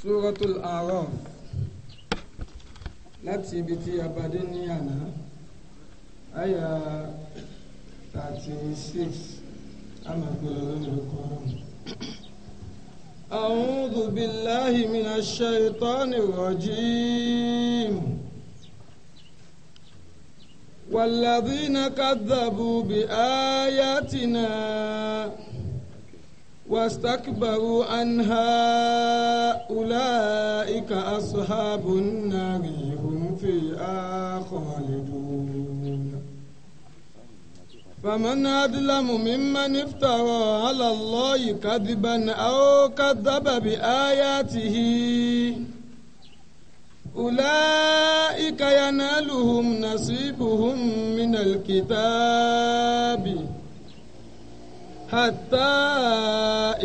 suratul A'raf láti ibi tí a bá dé ní àná àyà thirty six àmàgbélé lónìí kọ́rọ̀. أعوذ بالله من الشيطان الرجيم والذين كذبوا بآياتنا واستكبروا عنها أولئك أصحاب النار هم فيها خالدون فمن أظلم ممن افترى على الله كذبا أو كذب بآياته أولئك ينالهم نصيبهم من الكتاب حتى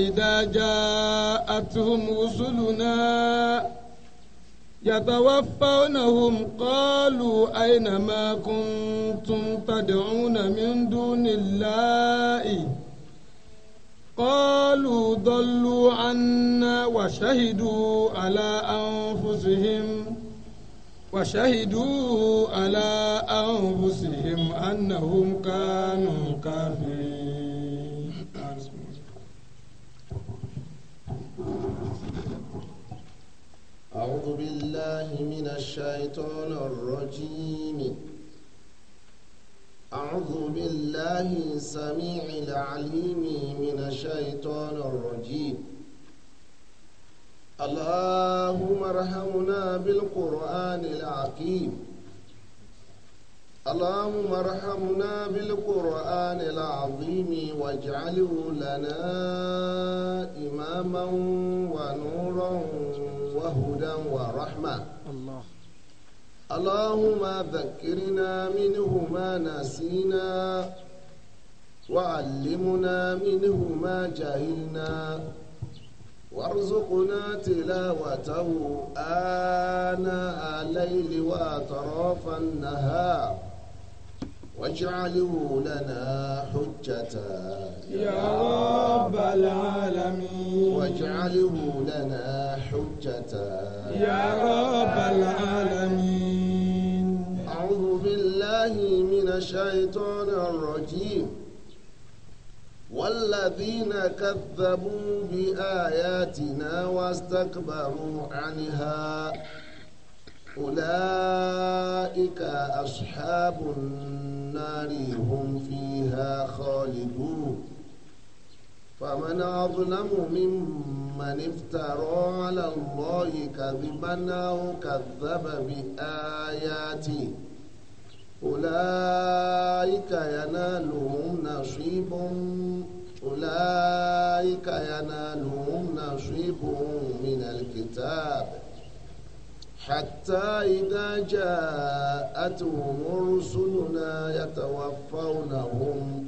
إذا جاءتهم رسلنا يتوفونهم قالوا أين ما كنتم تدعون من دون الله قالوا ضلوا عنا وشهدوا على أنفسهم وشهدوا على أنفسهم أنهم كانوا كافرين أعوذ بالله من الشيطان الرجيم أعوذ بالله السميع العليم من الشيطان الرجيم اللهم ارحمنا بالقرآن العقيم اللهم ارحمنا بالقرآن العظيم واجعله لنا إماما ونورا وهدى ورحمة الله اللهم ذكرنا منهما ما نسينا وعلمنا منهما ما جهلنا وارزقنا تلاوته آناء الليل وأطراف النهار واجعله لنا حجة يا رب العالمين واجعله لنا حجة يا رب العالمين أعوذ بالله من الشيطان الرجيم والذين كذبوا بآياتنا واستكبروا عنها أولئك أصحاب النار النار هم فيها خالدون فمن أظلم ممن افترى على الله كذبا أو كذب بآياته أولئك ينالهم نصيب أولئك ينالهم نصيب من الكتاب حتى إذا جاءتهم رسلنا يتوفونهم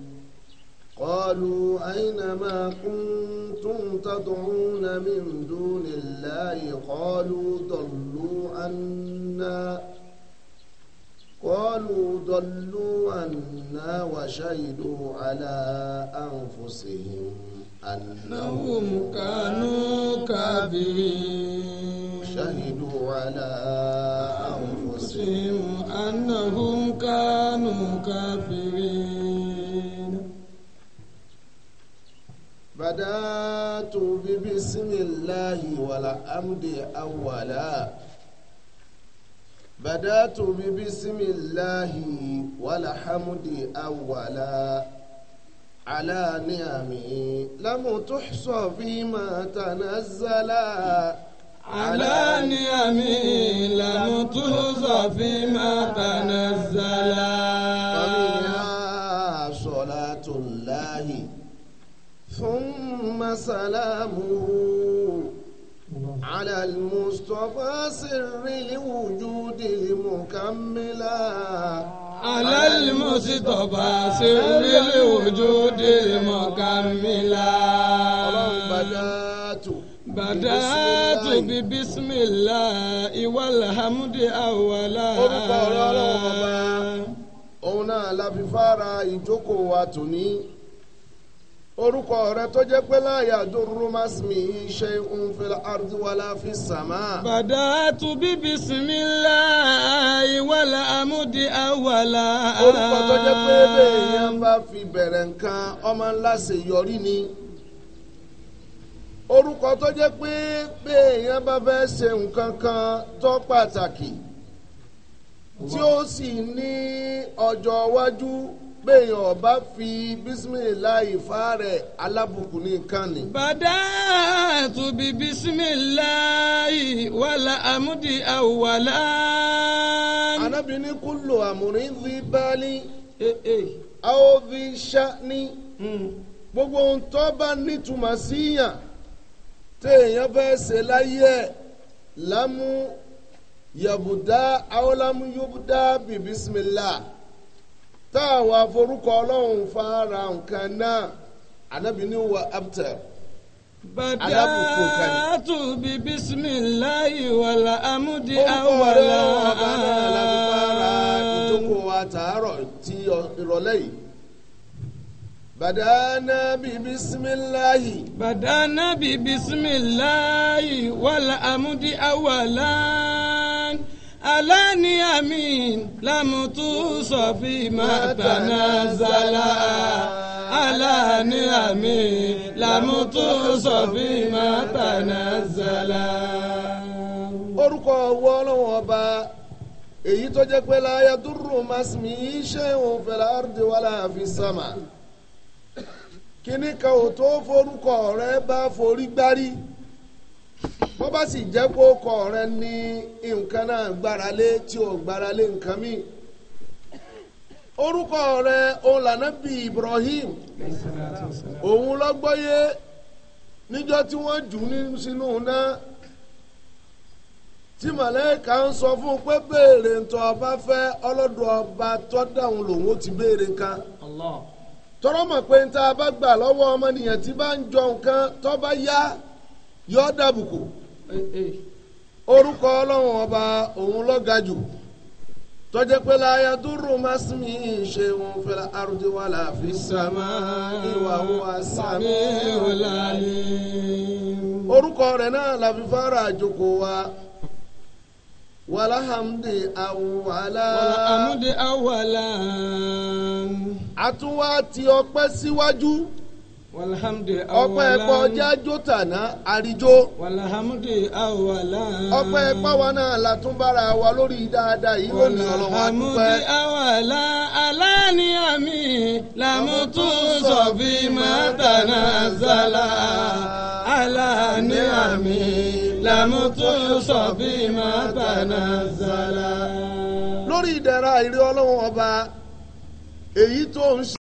قالوا أين ما كنتم تدعون من دون الله قالوا ضلوا عنا قالوا ضلوا عنا وشهدوا على أنفسهم أنهم كانوا كافرين شهدوا على أنفسهم أنهم كانوا كافرين بدأت ببسم الله والحمد أولا بدأت ببسم الله والحمد أولا على نعمي لم تحصى فيما تنزلا علانيامي لم تحظى فيما تنزلا فمنها صلاة الله ثم سلامه على المصطفى سر الوجود المكملا على المصطفى سر الوجود المكملا Bàdá tóbi bísímìlá ìwàlàhámúdì àwàlá. Orúkọ ọ̀rọ̀ ọlọ́run ọba, òun náà la fi fara ìjókòó wa tòní. Orúkọ rẹ̀ tó jẹ́ pé láàyè àdúró másìmì ṣe ń fẹ́lẹ̀ àdúwàlá fi sàmà. Bàdá tóbi bísímìlá ìwàlàhámúdì àwàlá. Orúkọ tó jẹ́ pé bẹ́ẹ̀ yẹn bá fi bẹ̀rẹ̀ nǹkan ọmọ ńlá ṣèyọrí ni. orúkọ tó jẹ́ pé bí èèyàn bá fẹ́ ṣe nǹkan kan tó pàtàkì tí ó sì ní ọjọ́ iwájú bẹ́ẹ̀yàn ọba fi bisimilayi fa rẹ̀ alábùkún ní kánni. bàdá àtúbí bisimilayi wàlà àmúdi àwàlá. anábìíní kúlò àmúrin fi báálí àwọn fi ṣá ní eh, eh. Hmm. gbogbo ohun tó bá nítumọ̀ síyàn. téèyàn fẹ́ ṣe láyé ẹ̀ lámú yàbùdá aolamu yóbùdá bìbísímìlá táwọn aforúkọ ọlọ́run fara nǹkan náà anabi ni wà abtẹ. Bàdáàtù bí bísímìláyì wàlà àmúdi àwàlà. Ó ń kọ́ ọ̀rẹ́ ọ̀bá náà láti fara ìjókòó àtàárọ̀ tí ìrọ̀lẹ́ yìí. بدأنا ببسم الله بدأنا ببسم الله والأمد أولا ألاني أمين لم توصفي ما تنازلا ألاني أمين لم توصفي ما تنازلا أرقى ọwọ́ ọlọ́wọ́ ọba èyí tó jẹ́ pé láyà dúró màsímì yìí ṣe òun fẹ̀lá kíní kan ò tó forúkọ rẹ bá forí gbárí bá sì jẹ́ pé rẹ ní nǹkan náà gbára lé tí ò gbára lé nǹkan orúkọ rẹ òun bí Ibrahim òun lọ́gbọ́yé níjọ́ tí wọ́n jù ní sínú náà tí màlẹ́kà ń sọ fún pé béèrè ntọ́ ọba tọ́ dáhùn lòun ti béèrè kan. tọ́rọ mọ̀ pé ń ta bá gbà lọ́wọ́ ọmọnìyàn tí bá ń jọ nǹkan tó bá yá yọ dàbùkù orúkọ ọlọ́run ọba òun lọ́ga jù tọ́jẹ́ pé láyà dúró másìmí ṣe òun fẹ́ra àrùdí wà láàfin sàmá ìwà wà sàmí ọ̀la ni. orúkọ rẹ̀ náà làfi fara àjòkò wa wàláhàmdè àwàlá. wàláhàmdè àwàlá. àtúwá ti ọpẹ́ síwájú. wàláhàmdè àwàlá. ọpẹ́ kọjá jótàná àríjó. wàláhàmdè àwàlá. ọpẹ́ pàwọn náà látúbára wa lórí dáadáa yìí lónìí ọlọ́wọ́ àdúpẹ́. wàláhàmdè àwàlá aláàní àmì làmútú sọ̀bí mọ́tànà zàlà lámùtú sọ̀bí máa tànà zàlà. lórí ìdẹ̀ra ìrí ọlọ́run ọba èyí tó ń ṣe.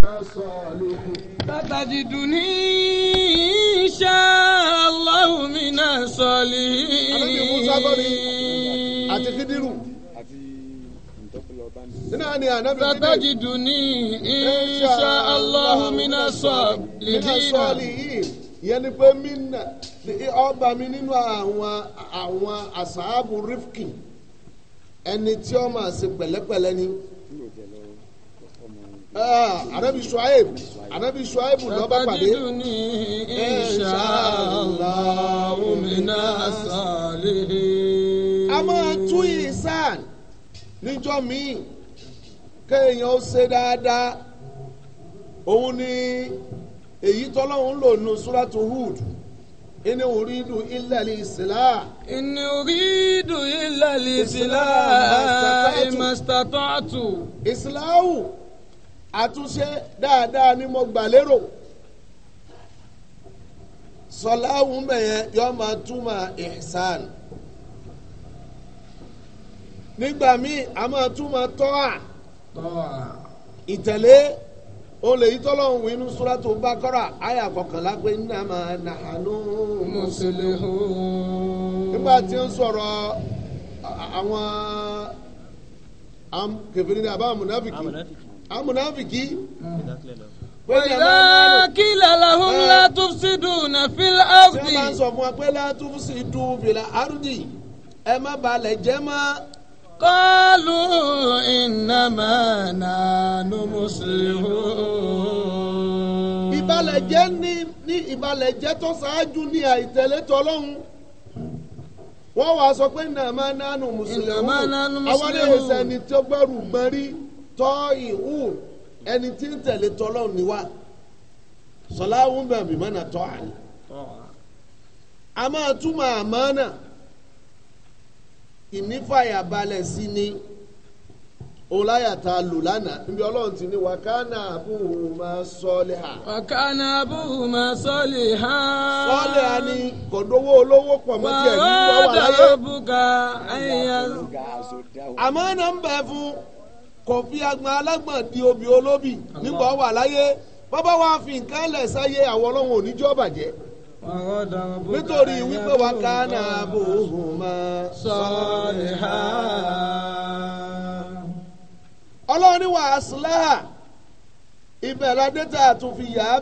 ستجدني إن شاء الله من الصالحين àti إن شاء الله من الصالحين ìyẹn ni pé mina ọba mi nínú àwọn àwọn àṣàbù rifkin ẹni tí ó máa ṣe pẹ̀lẹ́pẹ̀lẹ́ ni anabi ah, suaib anabi suaib lọ bá pàdé. fatajiduni eh, insha'Allah minas salihin. a máa tú ìsàn níjọ́ míì kéèyàn ó ṣe dáadáa òun ni èyí tọ́lọ́hún lò nù suratu Hud inni uridu illa li isla. inni uridu illa li isla imastata'tu. islahu. àtúnṣe dáadáa ni mo gbà lérò sọláhùn bẹ̀yẹn yọ máa túmọ̀ ihsan nígbà míì a máa túmọ̀ tọ́à ìtẹ̀lé olè ìtọ́lọ́hún inú suratu Bakara àyà kọkànlá pé innama nahnu muslihun. nígbà tí ń sọ̀rọ̀ àwọn kèfèrí ní àbá àmúnáfìkì. amúnáfìkì. Ìdá kílẹ̀ làhùn eh. látúfsídù nà fílẹ̀ áùdì. Ṣé máa ń sọ fún wa pé látúfsídù fìlà áùdì? Ẹ má balẹ̀ jẹ́ mọ́. Kọ́lù ìnàmà nànú mùsùlùmí. Ìbalẹ̀ jẹ́ ní ní ìbalẹ̀ jẹ́ tó ṣáájú ní àìtẹ̀lé tọ́lọ́hún. Wọ́n wàá sọ pé nàmà nànú mùsùlùmí. Àwọn ilé ìsẹ̀ni tó gbẹ́rù gbọ́n tọ́ ìhù ẹni tí ń tẹ̀lé tọ́lọ́run ni wá sọlá ń ma mọ́nà tọ́ àlè a máa túmọ̀ àmánà ìnífàyàbalẹ̀ sí ni olayata ti wakana abúhù ma sọ́ọ̀lì ha. wakana ha. sọ́ọ̀lì ha ni kòndówó olowo pọ̀ mọ́ tiẹ̀ ní kò fi agbọn alágbọ̀n di obì olóbì nígbà wà láyé bàbá wa fi nǹkan lẹ̀ sáyé àwọn ọlọ́run ò ní jọ́ bàjẹ́ nítorí wípé wa ọlọ́run ní wàásù láhà ibẹ̀ ládẹ́ta tún fi yà á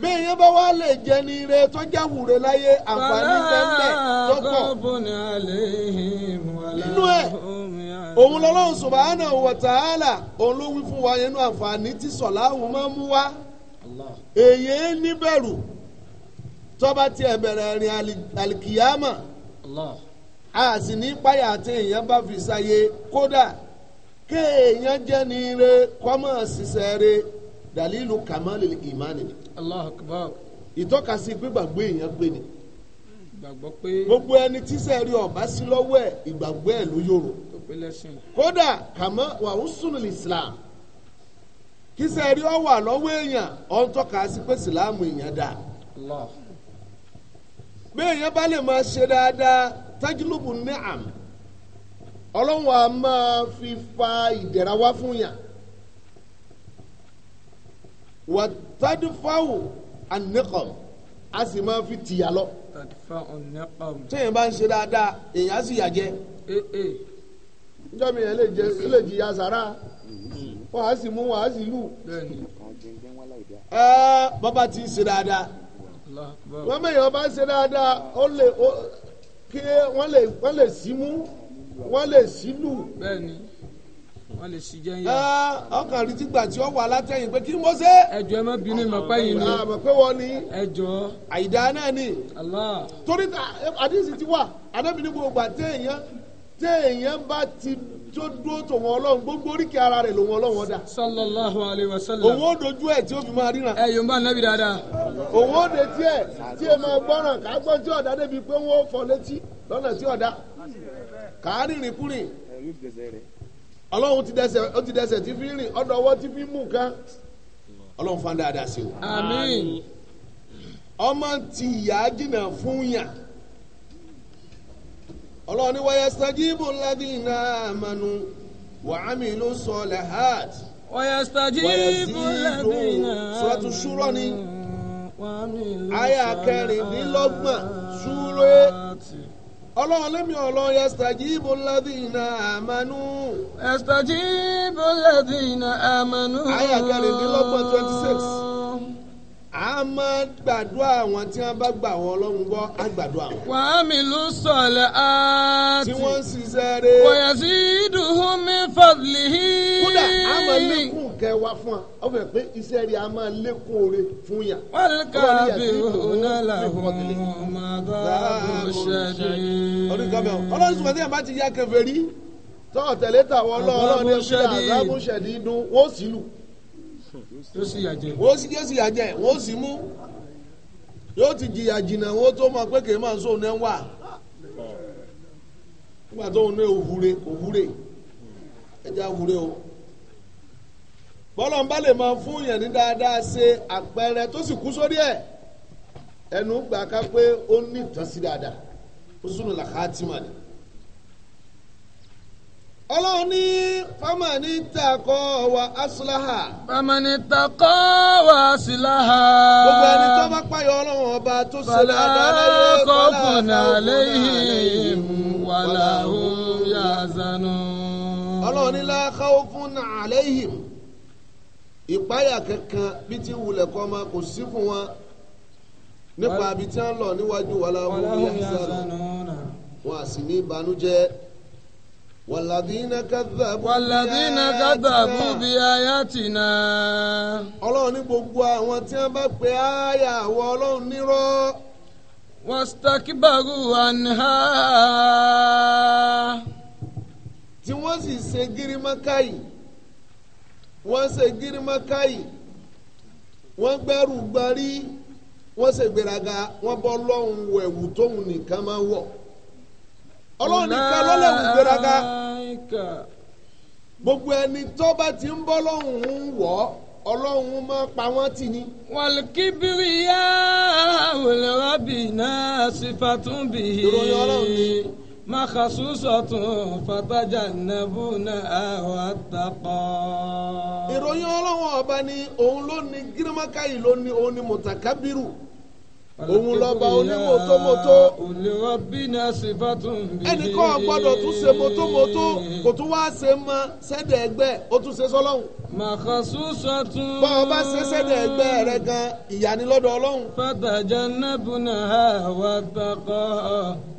bẹ́ẹ̀ yẹn bá wá lè jẹ ní ire tó jẹ́ wùrẹ́ láyé àǹfààní tẹ́lẹ̀ tó pọ̀. nínú ẹ̀ òun lọ́lọ́run subhanahu wa ta'ala òun ló wí fún wa yẹn nú àǹfààní tí sọ̀láhùn máa mú wá. èèyàn níbẹ̀rù tọ́ba tiẹ̀ bẹ̀rẹ̀ rìn alikiyama a sì ní páyà tí èèyàn bá fi ṣayé kódà kéèyàn jẹ́ ní ire kọ́mọ̀ ṣiṣẹ́ re. dalilu kamalil imani ni. Allahu akbar. ìtọ́kasí gbígbàgbọ́ èèyàn gbé ni. pé. gbogbo ẹni tí sẹ́ẹ̀rí ọ̀bá sí lọ́wọ́ ẹ̀ ìgbàgbọ́ ẹ̀ ló yòrò. tó pé lẹ́sìn. kódà kàmọ́ islam kí sẹ́ẹ̀rí wà lọ́wọ́ èèyàn ọ̀ ń tọ́ka pé èèyàn dà. Allah. bẹ́ẹ̀ yẹn bá lè máa ṣe dáadáa tajlubu ni'am ọlọ́run máa fi fa ìdẹ̀ra wá fún yàn. wà tádífáwò àníkọ̀m a sì máa fi tìyà lọ. tádífáwò àníkọ̀m. téèyàn bá ń ṣe dáadáa èèyàn á sì yà jẹ. Eh, eh. níjọ́ mi yẹn lè jẹ lè jìyà sàrà wọ́n á sì mú wọ́n á sì lù. ẹ bàbá ti ń ṣe dáadáa wọ́n mẹ́yìn ọba ń ṣe dáadáa ó lè kí wọ́n lè símú wọ́n lè sílù. bẹ́ẹ̀ ni. wọ́n lè ṣì jẹ́ ọkàn rí tìgbà tí ó wà látẹ̀yìn pé kí n ẹjọ ẹ má bínú ni. àmọ̀ pé wọ́n ní. ẹjọ. àìdá náà ni. torí àdìsí ti wà anábìnrin gbogbo àti èèyàn tí èèyàn bá ti tó dúró tòun gbogbo oríkì ara sallallahu alayhi wa sallam. òun dojú tí ó fi máa ríran. ẹ dáadáa. òun de tí ẹ máa ká tí ọ̀dà débi pé ọlọ́run ti dẹsẹ̀ ó ti dẹsẹ̀ ti fi rìn ọ̀dọ̀ ọwọ́ tí fi mú nǹkan ọlọ́run fún dáadáa sí o. àmín. ọmọ ti ìyá jìnnà fún yàn ọlọ́run ní wáyé sajibu ladina amanu wa amilu solihat. wáyé sajibu ladina amanu suratu shura ni aya kẹrìndínlọ́gbọ̀n súré ọlọ́run lẹ́mi ọlọ́run yastajibu alladhina amanu. yastajibu alladhina amanu. àyà kẹrìndínlọ́gbọ̀n twenty six. a máa gbàdúrà àwọn tí wọ́n bá gbà wọ́n ọlọ́run gbọ́ á gbàdúrà wọn. wa amilu salati. tí wọ́n ń ṣiṣẹ́ rẹ̀. wọ̀yà sí hun mi fadlihi. kódà a máa fún wa ó fẹ́ pé iṣẹ́ rí a máa lékún fún yà. wọ́n sì lù. yóò sì yà jẹ yóò sì yà yóò ti jìyà tó máa pé kèémà sóun náà wà ẹja múre o bọ́lá lè máa fún yẹn ní dáadáa ṣe àpẹẹrẹ tó sì kú sórí ẹ ẹnu gbà ká pé ó ní ìtọ́sí dáadáa ó súnú làkàtìmọ̀ ni ọlọ́run ní fámánì takọ́ wa asúláhà. wa gbogbo ẹni tó bá ọlọ́run ọba tó ṣe dáadáa lẹ́yìn náà lẹ́yìn ọlọ́run ní la khawfun alayhim ìpáyà kankan bí ti wulẹ̀ kọ́ ma kò sí fún wọn nípa ibi tí wọ́n lọ níwájú wàlá wọn bí àṣàlù wọn à sì ní ìbànújẹ́ wàlàdínà kàdàbù wàlàdínà bí aya tì náà. ọlọ́run ní gbogbo àwọn tí wọ́n bá pe aya àwọn ọlọ́run nírọ́. wọ́n stakbaru anha. tí wọ́n sì ṣe gírímákàyì wọ́n ṣe gírímákàyì wọ́n gbẹ́rù gbarí wọ́n ṣe gbéraga wọ́n bọ́ lọ́hùn ẹ̀wù tóun nìkan máa wọ̀ ọlọ́run nìkan gbogbo ẹni tó ti ń bọ́ lọ́hùn ń wọ̀ pa wọ́n tì ní. wàlùkíbìrì yá wòlẹ́rọ́bì náà makhasusatun fatajannabuna wattaqa. ìròyìn ọlọ́wọ́n ọba ni òun ló ní gírímọ́káyì ló ní òun ní òun lọ́ba oníwò tómótó. ẹnìkan ọ̀gbọ́dọ̀ tún ṣe mótómótó kò tún wáá ṣe mọ sẹ́dẹ̀ ẹgbẹ́ ó tún ṣe sọ́lọ́hún. màkàsú sọtún. bá ọ bá ṣe sẹ́dẹ̀ ẹgbẹ́ rẹ gan ìyanilọ́dọ̀ ọlọ́hun. fàtàjà nàbùnà àwa takọ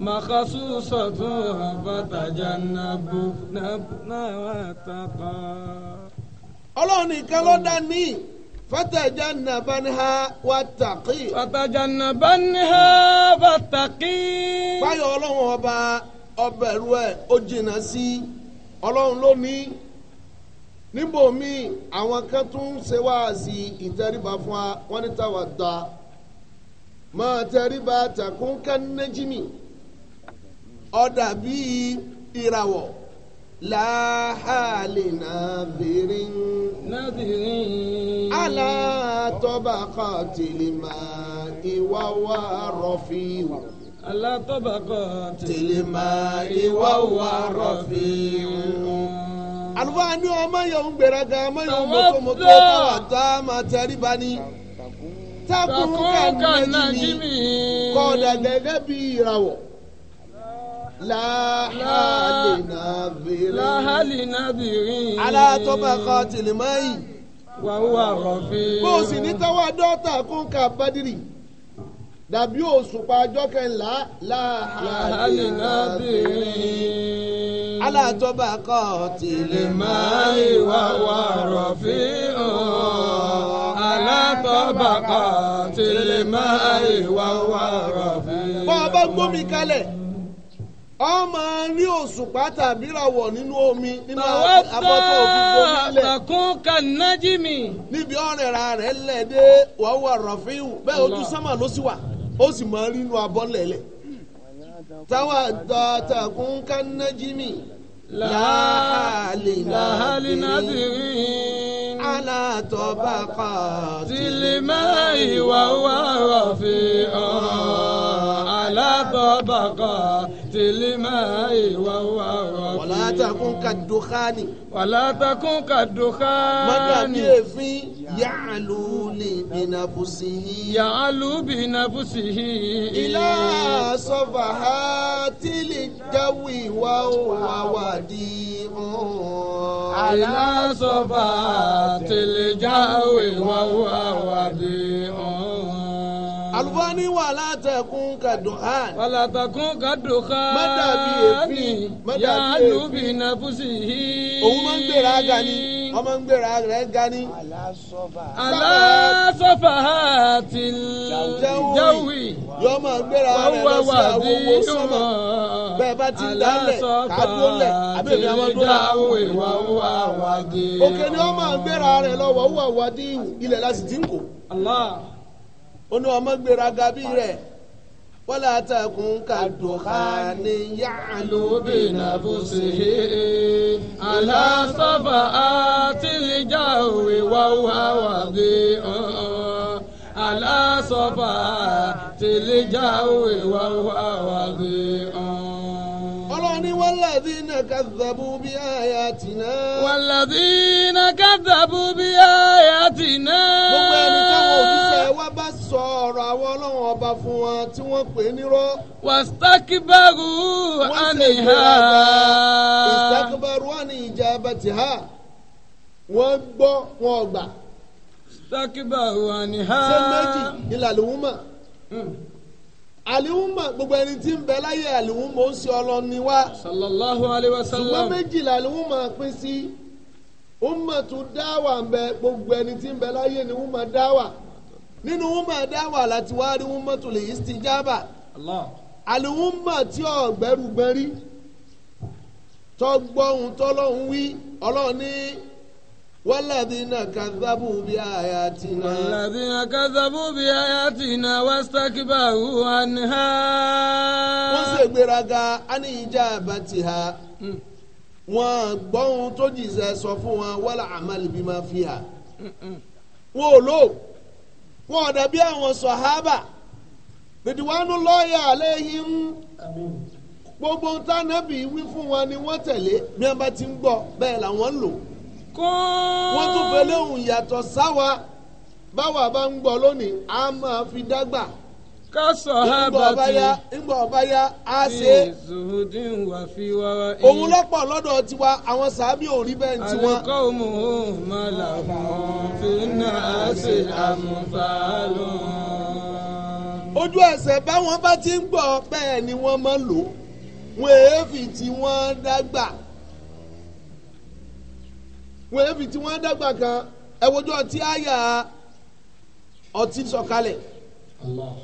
màkàsú sọtún fàtàjà nàbùnà àwa takọ. ọlọ́run nìkan ló dá ní. fatajanabanha wataki. fatajanabanha wataki. báyọ̀ ọlọ́run ọba ọbẹ̀ ẹ̀rú ẹ̀ ó jìnnà sí ọlọ́run ló ní níbo mi àwọn kan tún ń ṣe wáàsí ìtẹríba fún wa wọn ní táwa da máa tẹríba takun kánẹ́jìmì ọ̀dà على طبقات الماء wa رفيع على طبقات الماء وهو رفيع àlùfáà wa ọmọ yẹn ń gbéraga ọmọ yẹn ń mọtòmọtò káwá tá a máa tẹríba ni takun kan najimi kọ́dà gẹ́gẹ́ bí ìràwọ̀ láhàlì nàbìrín aláàtọ́bà kan tìlímọ́ yìí wà wà rọ̀fin. bó o sì ní táwa dọ́tà kún ká bádìrì dàbí òṣùpá ọjọ́ kẹńlá láàlì náà bìrì. alátọ́ba kọ́ tilẹ̀ máa wà wà rọ̀fin alátọ́ba kọ́ tilẹ̀ máa ń wà wà rọ̀fin. bọ́ ọ bá gbómi kalẹ̀. ọ máa rí òṣùpá tàbí ràwọ̀ nínú omi nínú abọ́tọ̀ òfìfo nílẹ̀. àkún kanájìmì. níbi ọ̀rẹ́ ra rẹ̀ lẹ́ẹ̀dẹ́ wọ́n wà rọ̀fíù bẹ́ẹ̀ ojú sánmà ló sì wà ó sì máa rí inú abọ́ lẹ̀lẹ̀. táwa dọ̀tàkún kanájìmì. làhálì nàdìrí. alátọ̀bàkà tìlímẹ́ ìwà wà rọ̀fíù. alábọ̀bọ̀kọ̀ tìlímà ìwà wà rọ̀ bí. wàlá takun ka dukani. wàlá takun ka dukani. mọ́tàbí èéfín yàlú ni bìnàbùsì yìí. yàlú bìnàbùsì yìí. ilá sọfà ha tìlí jáwé wà wà wà di. ilá sọfà tìlí jáwé wà wà wà di. wọ́n ní wàhálà tẹ̀kún kàdùn hàn. wàhálà má dàbí èéfín má dàbí èéfín. yàánú bí nàfúsì yìí. òun máa ń gbèrà aga ni ọmọ ń gbèrà rẹ̀ ga ni. jáwì. yọ máa gbèrà rẹ̀ lọ sí àwòwò bẹ́ẹ̀ bá ti dálẹ̀ kádó lẹ̀ àbẹ̀bí òkè ni wọ́n máa gbèrà rẹ̀ lọ wọ́wọ́ ilẹ̀ láti ó ní ọmọ gbéraga bí rẹ̀ wọ́lá àtàkùn kàdùnkà ni yàlú bí nàbùsì aláṣọ́fà àtìlíjà òwe wáwá wà bí ọ̀ọ́ aláṣọ́fà àtìlíjà òwe wáwá wà bí والذين كذبوا بآياتنا والذين كذبوا بآياتنا ọ̀rọ̀ àwọn ọlọ́run ọba fún wọn tí wọ́n pè é nírọ́. wàstákìbárù àníhà. ìstákìbárù àníjà bàtì ha wọ́n gbọ́ wọn ọgbà. ìstákìbárù àníhà. ṣé méjì hmm. gbogbo tí ń bẹ láyé ó ṣe ọlọ́ni wá. wa ṣùgbọ́n pín gbogbo ẹni tí ń bẹ láyé ni ó nínú wúmà dáwà láti wá rí wúmà tó lè yí istijaba àlùwúmà tí ọ̀gbẹ́rù gbẹ́rí tọgbọ́hun tọ́lọ́hun wí ọlọ́run ní wàlàdínà kàzábù bí ayatina. wàlàdínà kàzábù bí ayatina wàstákìbàrú àníhà. wọ́n ṣègbéraga àníyíjà àbàtì ha hmm. wọ́n gbọ́hun tó jìṣẹ́ sọ fún wọn wàlà àmàlì máa fi hà hmm, hmm. wọ́n ò lò wọn ò dàbí àwọn sọ̀hábà rìdíwánú lọ́ọ̀yà àléhìn gbogbo tánàbì wí fún wọn ni wọ́n tẹ̀lé bí wọ́n bá ti ń gbọ́ bẹ́ẹ̀ làwọn ń lò. wọ́n tún fẹ́ léhùn yàtọ̀ sáwa báwa bá ń gbọ́ lónìí a máa fi dágbà kásọ̀ ha bá ti ńgbọ̀ ọba ya á ṣe. òun lọ́pọ̀ lọ́dọ̀ tiwa àwọn sàábì ò rí bẹ́ẹ̀ tiwọn. àlùkò mò ń má làwọn fínà á ṣe àmúfàálù. ojú ẹsẹ̀ báwọn bá ti ń gbọ́ bẹ́ẹ̀ ni wọ́n máa lò wọ́n èéfì tí wọ́n dàgbà wọ́n èéfì tí wọ́n dàgbà kan ẹ̀wọ́jọ́ tí àyà ọtí sọ̀kalẹ̀. Allah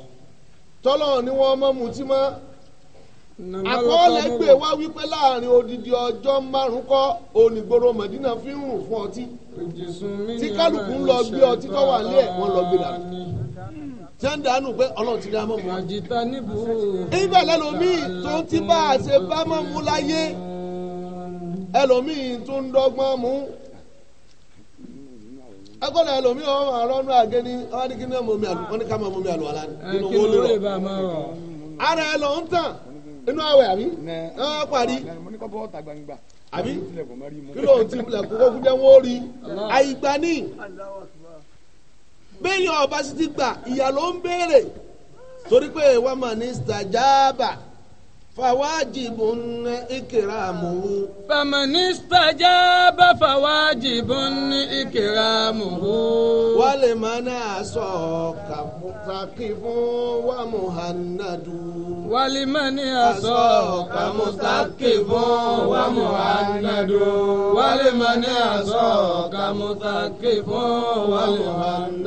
tọ́lọ̀ ni wọ́n mọ́ mutí mọ́ àkọọ́lẹ̀ gbé wá wípé láàrin odidi ọjọ́ márùn kọ́ onígboro mọ̀dínà fi ń rùn fún ọtí tí kálukú ń lọ gbé ọtí tó wà lé ẹ̀ wọ́n lọ gbé dànù jẹ́ndánù pé ọlọ́run ti rí amọ̀ mu. ibà lẹ́lòmíì tó ti bá a ṣe bá mọ́ mu láyé ẹlòmíì tó ń dọ́gbọ́n mu akọ́nà ẹlòmíì wọn máa rọ́nú àgẹ́ni wọn ní kí ní ọmọ mi àlù wọn ní ká máa mọ mi àlù wà lánàá nínú owó lè rọ. ara ẹ lọ ń tàn inú àwẹ̀ àbí ẹ parí àbí kí ló ń ti ilẹ̀ kókó kú jẹ́ wọ́n rí àyígbá ní. bẹ́ẹ̀ yẹn ọba sì ti gbà ìyá ló ń béèrè torí pé wọ́n máa ní sàjáàbà. فواجب إكرامه فمن استجاب فواجب إكرامه ولمن أسوء مستقف ومهند ولمن أسوء مستقف ومهند ولمن أسوء مستقف ومهند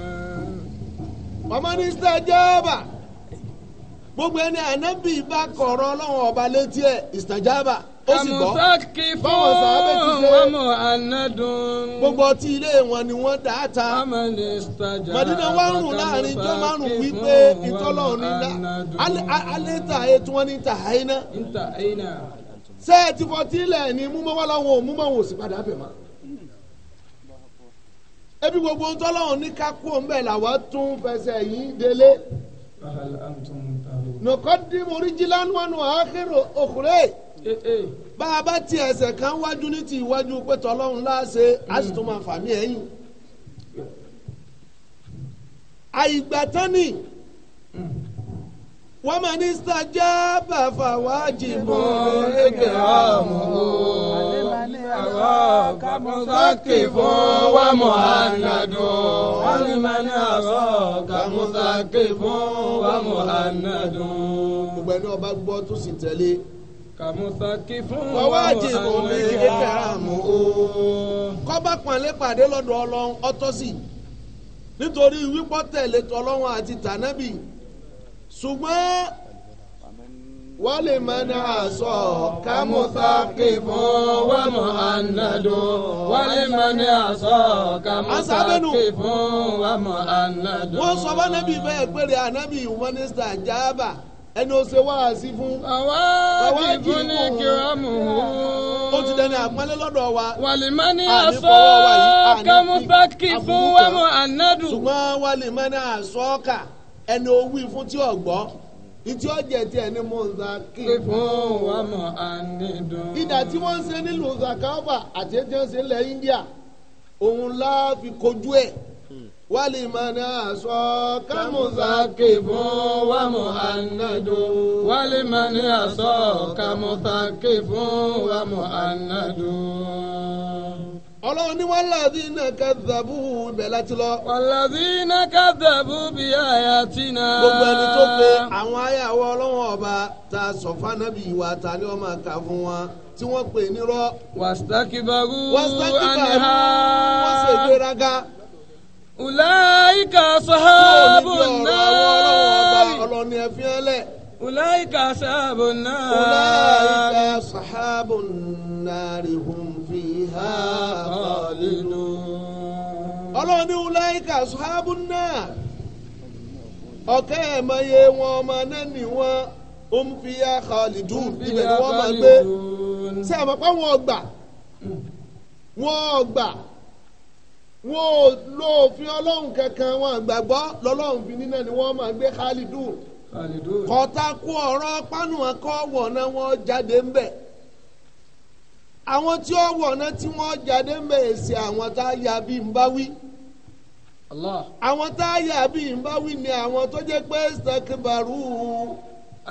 ọmọnísítà jáàbà gbogbo ẹni ànábì bá kọrọ ọlọrun ọba létí ẹ̀ ìsìtàjáàbà ó sì gbọ́ báwọn sàábẹ̀ ti gbogbo ọtí ilé wọn ni wọ́n dá ta mọ̀dínà wà láàrin jọ́ márùn wípé ìtọ́lọ̀ nílá alẹ́ta ètò wọn ní tàhánà sẹ́ẹ̀tì fọtílẹ̀ ni múmọ́wọ́ lọ́wọ́ sì padà ebi gbogbo ń tọ́lọ́run ní kákó ń bẹ̀ làwọn tún fẹsẹ̀ yìí délé. nùkọ́dìmù ríjìlán wọnú àákérò òkúrẹ́ ti ẹsẹ̀ kan wájú ní ti ìwájú pé tọ́lọ́run láṣẹ á sì tún máa fàmí ẹ̀yìn. àìgbàtánì wọ́n máa ní sájà bàfà wájibọ̀ ẹgbẹ̀rún. كمثقف ومهند علما أراك مثقف ومهند gbogbo ẹni ọba gbọ́ tó sì tẹ̀lé. kàmùsàkì fún wọn wájì omi ìkààmù o. kọ́bá pàlé pàdé lọ́dọ̀ ọlọ́run ọtọ́sì nítorí wípọ́ tẹ̀lé tọ́lọ́run àti tànábì ṣùgbọ́n wálé mọ́nà àṣọ kámúta kébù wà muhammadu wálé mọ́nà àṣọ kámúta kébù wà muhammadu. wọ́n sọ fún anabi bẹ́ẹ̀ péré anabi mínísítà jábà ẹni o ṣe wáàsí fún. àwa kìí ní kìrámù. ó ti dẹni àpọ́nlé lọ́dọ̀ wa. wàlìmọ́ ní àṣọ kámútàkì fún wàmú ànádù. ṣùgbọ́n wàlìmọ́ ní àṣọ kà ẹni o wí fún tí ọ̀gbọ́n ìtí ọjà tí ẹ ní mọ̀nsákì. fífún wa mọ̀ ànídùn. ìdà tí wọ́n ń ṣe nílùú Zakawa àti ètò ẹ̀sìn ilẹ̀ India òun la fi kojú ẹ̀ hmm. wà lè má náà sọ kámúsákì fún wa mọ̀ ànádùn. wà lè má náà sọ kámúsákì fún wa mọ̀ ànádùn ọlọ́run ní walladhina kadhabu ibẹ̀ láti lọ. walladhina kadhabu bi ayatina. gbogbo ẹni tó pe àwọn ayàwó ọlọ́run ọba ta sọ̀fánàbí ìwà ta ni wọ́n máa kà fún wọn tí wọ́n pè nírọ́. wàsítákìbárú àníhà. wọ́n ṣe ìgbéraga. ulaika sahabu náà. ọlọ́ni ẹ̀fín ẹlẹ́. ulaika sahabu náà. ulaika sahabu náà rihun fiha khalidun. ọlọ́run ní ulaika ashabun nar ọ̀kẹ́ ẹ̀mọye wọn ọmọ náà ni wọ́n ń fiha khalidun ibẹ̀ ni wọ́n máa gbé ṣé àmọ́ pé wọ́n gbà wọ́n gbà wọ́n ò ọlọ́run kankan wọn àgbàgbọ́ lọ́lọ́run fi nínà ni wọ́n máa gbé khalidun kọ́ta kú ọ̀rọ̀ pánú akọ́ wọ̀nà wọn jáde ńbẹ̀. àwọn tí ó wọ̀nà tí wọ́n jáde ń bẹ̀rẹ̀ sí àwọn tá a yà bí àwọn tá a yà bí ni àwọn tó jẹ́ pé sàkébàrú.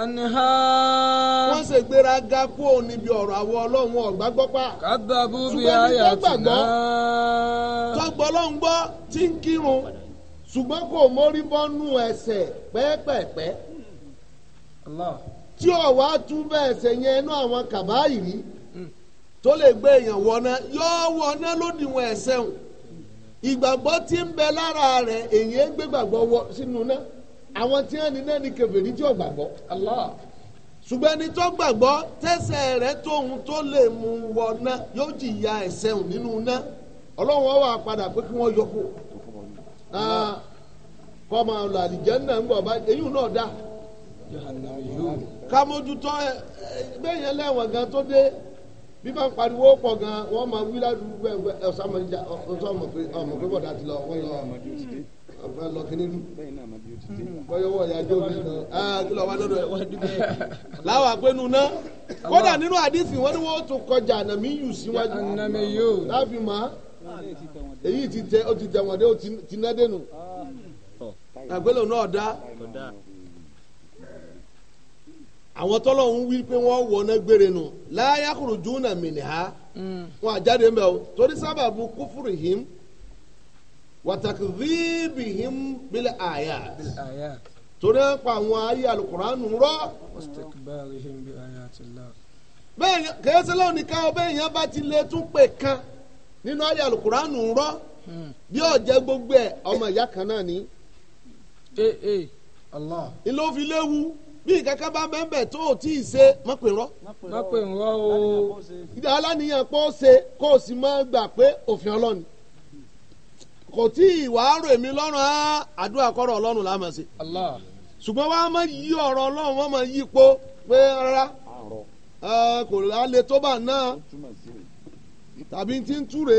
anha. wọ́n ṣe gbéraga kú òun níbi ọ̀rọ̀ àwọn ọlọ́run ọ̀gbágbọ́pá. kábàbù bí tì náà. gbọ́ tí ń kírun ṣùgbọ́n kò mórí bọ́nú ẹsẹ̀ tí ọ̀wá tún bẹ́ẹ̀ ṣe yẹn inú àwọn kàbáyìí tó lè gbé èèyàn wọná yóò wọná lódiwọ̀n ẹ̀ṣẹ̀ wọn ìgbàgbọ́ tí ń bẹ lára rẹ̀ èèyàn gbé gbàgbọ́ wọ sínú náà àwọn tí wọ́n ní náà ní kèfèrí tí gbàgbọ́ ṣùgbọ́n tó gbàgbọ́ tẹ̀sẹ̀ tóun tó lè mú wọná yóò jìyà nínú náà wà pé kí wọ́n kó bí bá ń pariwo pọ̀ gan wọ́n máa wí ládùúgbò ẹ̀ ọ̀sán ọmọ pé ọmọ pé bọ̀dá ti lọ wọ́n lọ ọ̀fẹ́ lọ kí nínú bọ́yọ̀wọ̀ ìyájọ́ mi kan kí lọ́wọ́ lọ́dọ̀ ẹ̀ wọ́n dìbò láwọn àgbẹ̀nu náà kódà nínú àdìsí wọn ni wọ́n tún kọjá ànàmí yù síwájú láfi mọ́ èyí ti tẹ ó ti tẹ wọn dé ó ti ná dénú ah. àgbélò náà dá. àwọn tọ́lọ̀ wí pé wọ́n wọ ọ́nà gbére nu láyàkùrù júnà mìnìhá hmm. wọn àjáde ń bẹ̀ o torí him wàtàkìrìbì him bílẹ̀ àyà torí wọn pa àwọn ayé alukuraanu rọ. bẹ́ẹ̀ kẹ́sẹ́ lọ́wọ́ ọbẹ̀ yẹn ti lé tún kan nínú ayé alukuraanu rọ hmm. bí ọ̀jẹ̀ gbogbo ọmọ ìyá kan náà ni. Eh, eh, ilé bí kankan bá bẹ́ẹ̀ tó o tí ì ṣe mọ̀pẹ̀ rọ. mọ̀pẹ̀ rọ o. aláníyàn pọ̀ ṣe kó o sì máa gbà pé òfin ọlọ́ni kò tí ì wá rò èmi lọ́rùn á àdúrà kọ́rọ̀ ọlọ́run là máa ṣe. ṣùgbọ́n wàá máa yí ọ̀rọ̀ ọlọ́run wọ́n máa yí po pé rárá kò lálẹ́ tó bá náà tàbí ti ń túre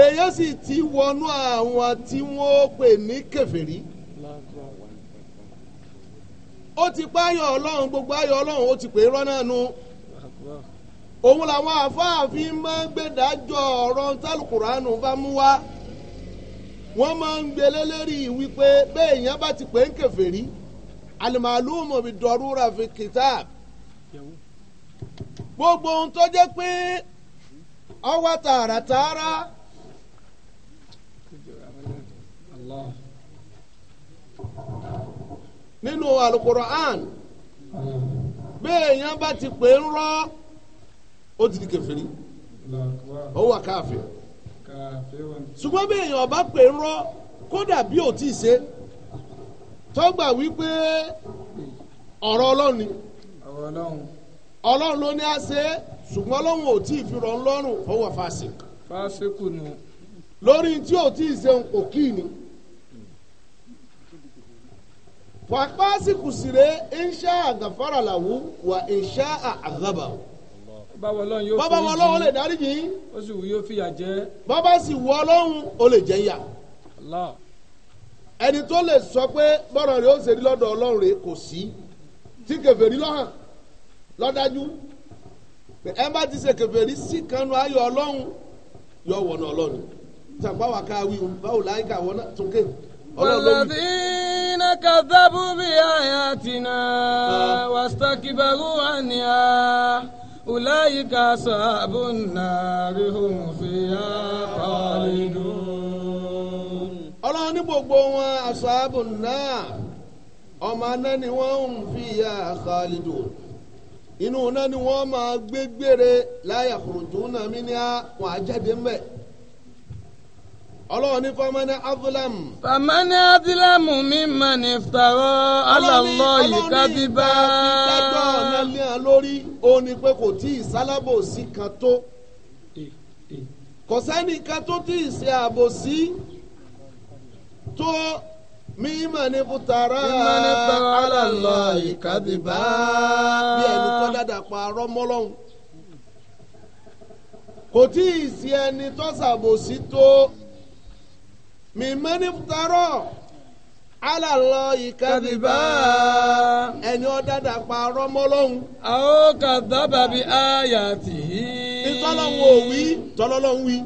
èyí sì ti wọnú àwọn tí wọ́n pè ní kèfèrí ó ti páyọ̀ ọlọ́run gbogbo ayọ̀ ọlọ́run ó ti pè é rọ́nà nu òun làwọn àfáàfin máa ń gbẹdájọ́ ọrọ tálùkùránù bá mú wá wọ́n máa ń gbélé lérí wípé bẹ́ẹ̀ èèyàn bá ti pè é kèfèrí alimalumu bi dọrura fi kitab gbogbo ohun tó jẹ́ pé t'ara tààràtààrà. nínú alukoran hmm. bẹ́ẹ̀ yẹn bá ti pè ń rọ́ ó ti di kèfèrí ó wà káàfin ṣùgbọ́n bẹ́ẹ̀ yẹn ọba pè ń rọ́ kódà bí ò tí ì ṣe tọ́gbà wípé ọ̀rọ̀ ọlọ́run ni ọlọ́run ló ní á ṣe é ṣùgbọ́n ọlọ́run ò tí ì fi rọ̀ ń lọ́rùn ó wà fásikù lórí tí ò tí ì ṣe òkì ni. fàkpáàsì kùsìrè ìṣá àgàfàrà làwù wà ìṣá àgàbà. bàbá wọlọ́run ó lè dáríjì. ó sì wù yóò fìyà jẹ. bàbá sì wọ ọlọ́run ó lè jẹ yà. ẹni tó lè sọ pé bọ́rọ̀ rẹ̀ ó ṣe rí lọ́dọ̀ ọlọ́run rẹ̀ kò sí tí kèfèrí lọ́hàn lọ́dájú ẹ bá ti ṣe kèfèrí sí kanu ayọ̀ ọlọ́run yọ wọ̀nà ọlọ́run tàbá wà ká wí báwo láyé ká wọ́n tún kéwòn. والذين كذبوا بآياتنا واستكبروا عنها أولئك أصحاب النار هم فيها خالدون ọlọ́run ní gbogbo wọn àṣàbù náà ọmọ aná ni inú náà ni wọ́n máa gbégbére láyà kùrùdùn náà mí ní ọlọ́run ní fọmọ́nà abdulam. fọmọ́nà abdulam mi mà ní fàrọ́ alàlọ́ yìí kádìbá. ìdájọ́ ọ̀nà lẹ́hàn lórí ó ní pé kò tí ì sálábòsí kan tó kò sẹ́nìkan tó tí ì ṣe àbòsí tó mímọ̀ ní futara alàlọ́ yìí kádìbá. bí ẹni tó dáadáa pa arọ́ mọ́lọ́hún kò tí ì sí ẹni tó ṣàbòsí tó mímẹ́ni tarọ́ alàlọ́ ìkàdìbà ẹni ó dàda pa àwọn kàdá bàbí àyà tì í. ìtọ́lọ́hún ò wí tọ́lọ́lọ́hún wí.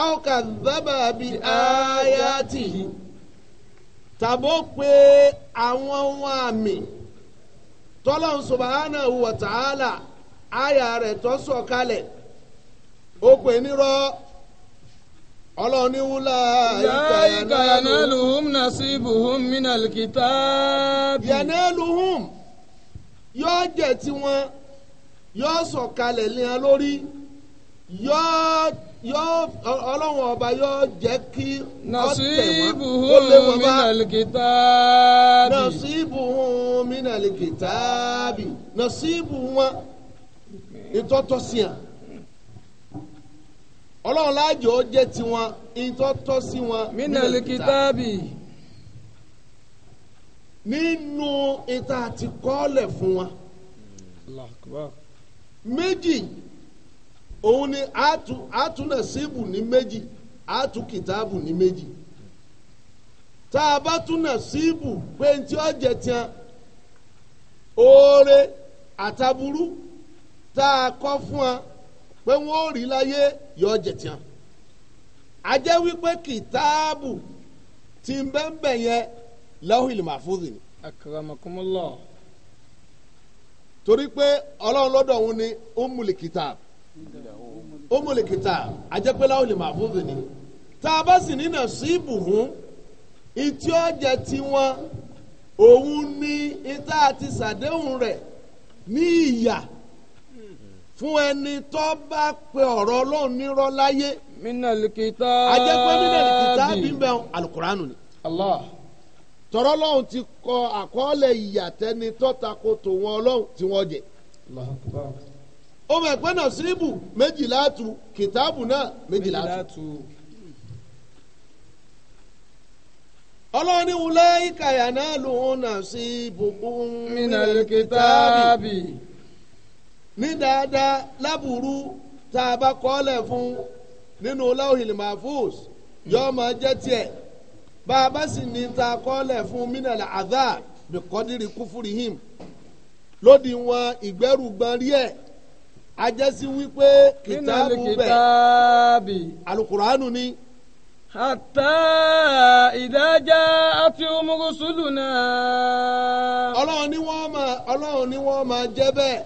àwọn kàdá bàbí àyà tì í. tàbó pé àwọn ohun àmì tọ́lọ́hún ana wa ta'ala àyà rẹ̀ tó sọ̀kalẹ̀ ó pè nírọ́. ọlọ́run ní wúlá ìkà yanaluhum nasibuhum minal kitab. yanaluhum yóò jẹ́ tiwọn yóò sọ̀kalẹ̀ lẹ́yìn lórí yóò yóò ọlọ́run ọba yóò jẹ́ kí nasibuhum minal kitabi nasibuhum minal kitabi nasibu wọn ìtọ́tọ́síà ọlọ́run láàjọ ó jẹ́ tiwọn ìtọ́ tọ́ sí wọn. mínàlì kìtàbì. nínú ìta àti kọ́ọ̀lẹ̀ fún wọn. Allahu Akbar. méjì òun ni àtúnà síbù ní méjì àtún kìtàbù ní méjì tá a bá túnà síbù pé ntí ó tiẹn oore àtàbúrú tá a kọ́ fún wọn. pé wọ́n ò rí láyé yọ jẹ̀ tiẹ̀ a jẹ́ wípé kìtáàbù tí ń bẹ́ ń bẹ̀ yẹn ni. torí pé ọlọ́run lọ́dọ̀ òun ni umul kitab umul kitab a jẹ́ pé lawhil mahfuz ni tá a bá sì nínà sí ibùhún ìtí tiwọn òun ni ìta àti sàdéhùn rẹ̀ ní ìyà. fún ẹni tó bá pe ọ̀rọ̀ ọlọ́run nírọ́ láyé. minal kitaabi. a jẹ pé minal kitaabi ń bẹ alukuraanu ni. Allah. tọ́rọ́ ọlọ́run ti kọ àkọọ́lẹ̀ ìyàtẹ́ni tọ́ta ko tòun ọlọ́run tí wọ́n jẹ. Allah. ó mọ̀ pé nọ̀síríbù méjìlá tu kìtàbù náà méjìlá tu. ọlọ́run ní wúlẹ́ ìkàyà náà lòun nà sí ibùkún. minal kitaabi. ní dáadáa lábùrú tá a bá kọ́lẹ̀ fún nínú lawhil mahfuz yóò máa jẹ́ tiẹ̀ bá a bá sì ní tá a kọ́lẹ̀ fún minal adhab bi qadri kufurihim lódì wọn ìgbẹ́rùgbọ́n rí ẹ̀ ajẹ́sí wípé kìtàbù bẹ́ẹ̀ alukuranu ni. hatta ìdájà àti omurusulù náà. ọlọ́run ni wọ́n máa ọlọ́run ni wọ́n máa jẹ́ bẹ́ẹ̀.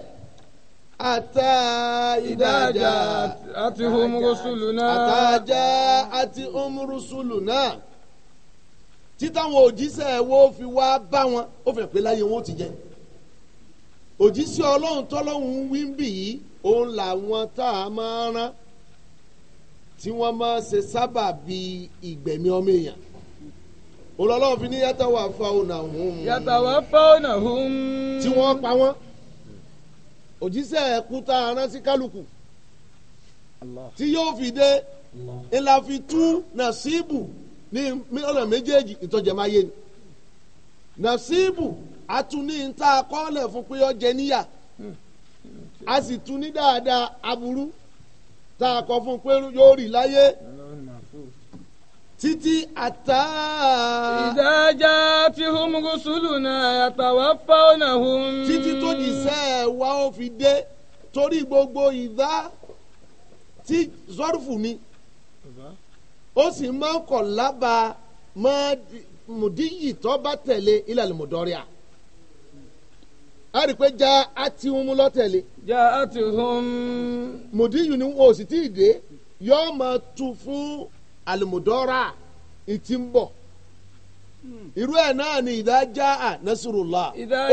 Ata idaja ati رسلنا حتى جاءتهم رسلنا títáwọn òjíṣẹ́ wo fi wá bá wọn ó fi hàn pé láyé wọn ó ti jẹ òjíṣẹ́ ọlọ́run tọ́lọ́run wí ń bì yìí òun làwọn tá a máa rán tí wọ́n máa ṣe sábà bíi ìgbẹ̀mí ọmọ èèyàn olọ́lọ́run fi ní yàtọ̀ wà fáwọn náà hùn. yàtọ̀ wà fáwọn náà hùn. tí wọ́n pa wọ́n òjíṣẹ́ ẹ̀kú tá a rán sí kálukú tí yóò fi dé ńlá tú nàṣíbù ní ọ̀nà méjèèjì ìtọ́jẹ̀máyé ni nàṣíbù àtúní ńta akọ́ọ̀lẹ̀ fún pé ọjẹ níyà hmm. a sì tún ní dáadáa aburú tá a kọ fún pé yóò rí láyé. Mm títí ata. ìdájà tí humugusulù náà yàtàwá fáwọn ọ̀hún. títí tó di sẹ́ wa ó fi dé torí gbogbo ìdá tí zọ́rùfù ni ó sì máa ń kọ̀ lába máa mùdíyì tó bá tẹ̀lé ilẹ̀ mùdọ́rìà a rí i pé já a ti hun mú lọ́tẹ̀lé. já a ti hun. mùdíyì ni wọn sì tí ì dé yọ́ọ́ máa tu fún. àlùmùdọ́rà ìtì ń irú ẹ̀ náà ni ìdájá à la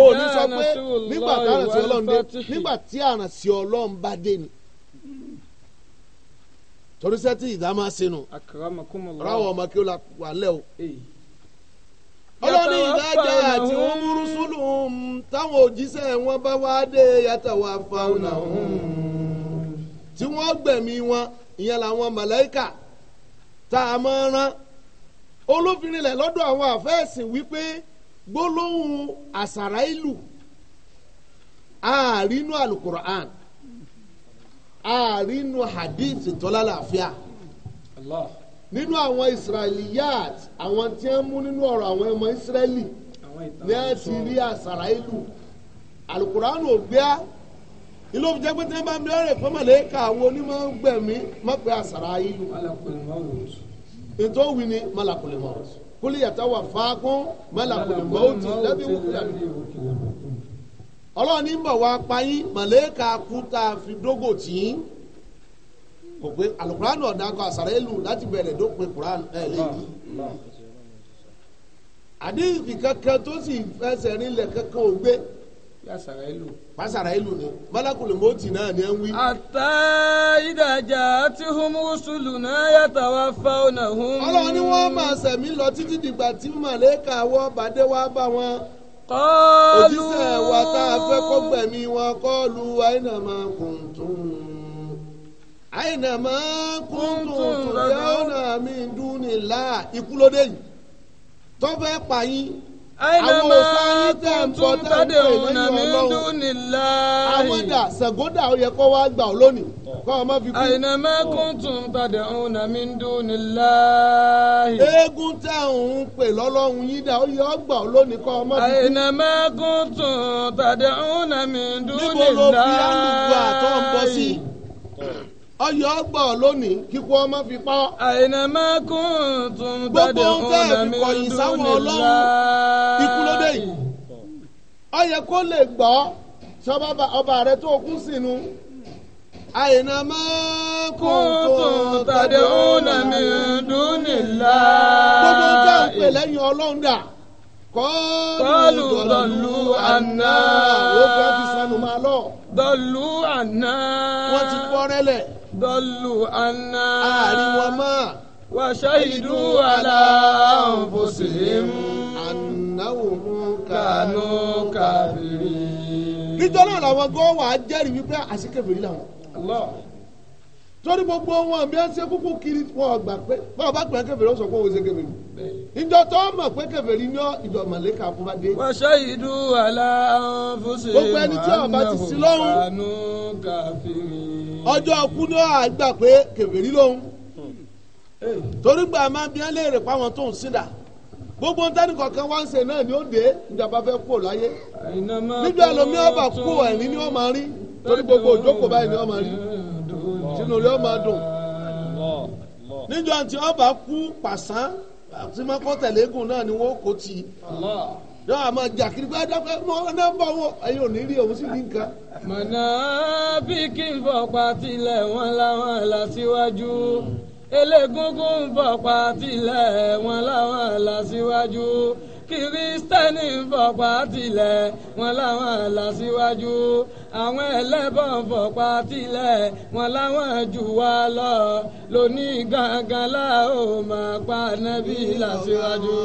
ó ní sọ pé nígbà tí àrùn sí ọlọ́run dé nígbà tí àrùn sí ọlọ́run bá dé ni hmm. torí sẹ́tì ìdámá sínú ráwọ̀ ọmọ kí o ọlọ́ni ìdájà àti wọn múrú sùlù táwọn òjíṣẹ́ wọn bá wá dé yàtọ̀ wà fáwọn náà tí wọ́n gbẹ̀mí wọn ìyẹn làwọn tá a máa rán olófinrin lẹ̀ lọ́dọ̀ àwọn àfẹ́ẹ̀sìn wípé gbólóhùn àṣàrà ìlú àárínú alukur'an àárínú hadith tọ́lá làáfíà nínú àwọn israeliyat àwọn tí wọ́n mú nínú ọ̀rọ̀ àwọn ọmọ israeli ní a ti rí àṣàrà ìlú alukur'an ò gbé a ìlú òfin jẹ́ pé tí wọ́n bá ń bí ọ̀rẹ́ fún màlẹ́kà àwọn onímọ̀ gbẹ̀mí má pé àṣàrà ayé yìí. ètò òwì ni malakule mọ́ọ̀tì kúlì yàtọ̀ wà fáákún malakule mọ́ọ̀tì lẹ́bí wúlò ọlọ́run ní bọ̀ wá payín màlẹ́kà kúta fi dógò tì í kò pé alukuraanu ọ̀dàkọ̀ àṣàrà èlù láti bẹ̀rẹ̀ dópin kuran ẹ̀ lẹ́yìn àdéhùn kankan tó sì fẹsẹ̀ rinlẹ̀ kankan ò gbé pásárà ìlú ni malakul mọ́tì náà ni ẹ ń wí. àtà ìdàjà tí humusulù náà yàtọ̀ wá fáwọn ọ̀hún. ọlọ́run ni wọ́n máa sẹ̀mí lọ títí dìgbà tí màlẹ́kà wọ́ bàdé wá bá wọn. kọ́ọ̀lù òjíṣẹ́ wa tá a fẹ́ kó gbẹ̀mí wọn kọ́ọ̀lù àìnà máa kùn tún. àìnà máa kùn tún tún yẹ́wọ́n náà mi dún ní là ikú lóde yìí tọ́fẹ́ pààyàn àwọn òsán yín tẹ̀ ń bọ́ tẹ̀ ń pè lẹ́yìn ọlọ́run àwọn dà sàgódà ó yẹ kó wá gbà ó lónìí kó o má fi kú. àyìnà máa kún tún tàdé òun náà mi ń dún ní láàyè. eégún tẹ̀ ń pè lọ́lọ́run yín dà ó yẹ ó gbà ó lónìí kó o má fi kú. àyìnà máa kún tún tàdé òun náà mi ń dún ní láàyè. níbo ló fi àlùkò àtọ̀ ń bọ́ sí ọyọ ọgbọ lónìí kíkú ọmọ fi pọ. àyìnà máa kún tún tàdé òun àmì ọdún nílá. ikú ló dé yìí. ọyẹ kó lè gbọ́ sọ́ba ọba rẹ tó kún sínú. àyìnà máa kún tún tàdé òun àmì ọdún nílá. gbogbo ọjọ́ ìpè lẹ́yìn ọlọ́run dà. kọ́ọ̀lù dọ̀lù àná. ó fẹ́ fi sanu máa lọ dọ́lù àná. wọ́n ti gbọ́rẹ́lẹ̀. dọ́lù àná. àárín wọn mọ́. wà ṣáìdú àlà anfusihim. annahum kanu kafirin. nítorí àwọn gan á jẹ́rìí wípé àṣìkèbèrè làwọn. torí gbogbo wọn bí wọn kúkú kiri wọn gbà pé báwo bá pè é kèfèrí ó sọ pé òun ṣe kèfèrí ìjọ tó mọ̀ pé kèfèrí ní ìjọ mọ̀lẹ́kà fún bá wọ́n ṣe ìdú àlà gbogbo ni wọ́n gbà pé torí gbà bí pa tó ń gbogbo ntẹni wá ń ṣe náà ni ó dé ìjọba fẹ́ kú ni máa rí torí gbogbo òjókòó báyìí ni máa rí. sínú rẹ ọmọ dùn níjọ àti ọba kú pàṣán àti mọ́kọ́tẹ̀lẹ́gùn náà ni wọ́n kò tì í yóò àmọ́ jàkiri pé ẹ̀dáfẹ́ mọ nọ́mbà wọn ẹ̀yin ò rí òun sì ní nǹkan. mọ̀nà bí kí n fọ̀pá tilẹ̀ wọn láwọn làṣíwájú elégúngún fọ̀pá tilẹ̀ wọn láwọn làṣíwájú kìrìsìtẹ́nì fọ̀pá tilẹ̀ wọn láwọn làṣíwájú àwọn ẹlẹ́bọ̀n fọ̀pá tilẹ̀ wọn láwọn jù wá lọ lóní gangan láò máa pa nẹ́bí làṣíwájú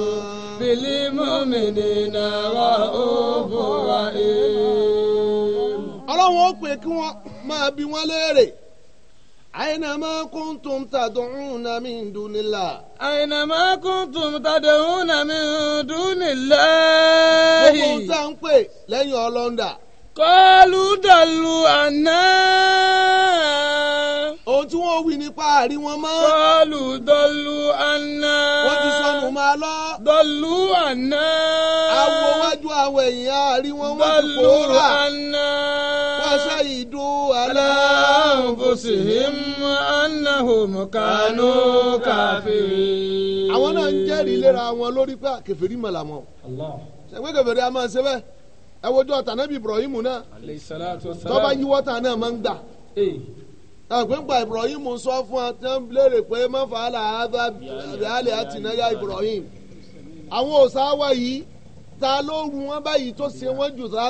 bìlímù mìnìnà rọ̀ ó bọ̀ wá. E. ọlọ́run ó pè kí wọ́n máa bi wọ́n léèrè. أينما كنتم تدعون من دون الله أينما كنتم تدعون من دون الله gbogbo ohun tá à ń pè lẹ́yìn ọlọ́ńdà. kọ́ọ̀lù dàlú àná. ohun tí wọ́n wí nípa àrí wọn mọ́. kọ́ọ̀lù dọ̀lù àná. wọ́n ti sọnù máa lọ. dọ̀lù àná. àwọ̀ wájú àwọ̀ ẹ̀yìn àrí wọn wọ́n ti pòórà. dọ̀lù àná. wọ́n ṣe ìdó àlá. أنفسهم أنهم كانوا كافرين àwọn náà ń wọn a máa ṣe bẹ́ẹ̀ ẹ wojú náà máa ń gbà àgbẹ̀ngbà eh. Ibrahim sọ fún wa tí wọ́n léèrè pé má fà àti Ibrahim àwọn òsáwà yìí ta ló wọn báyìí tó wọn jù tó